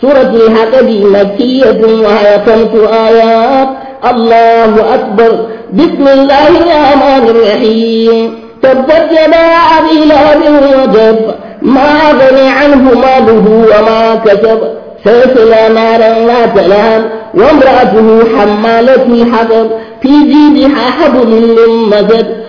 سورة الحديد مكية وهي خمس آيات الله أكبر بسم الله الرحمن الرحيم تبت يدا أبي لهب وجب ما أغني عنه ماله وما كسب سيصلى نارا لا تنام وامرأته حمالة الحطب في جيبها حبل من مزد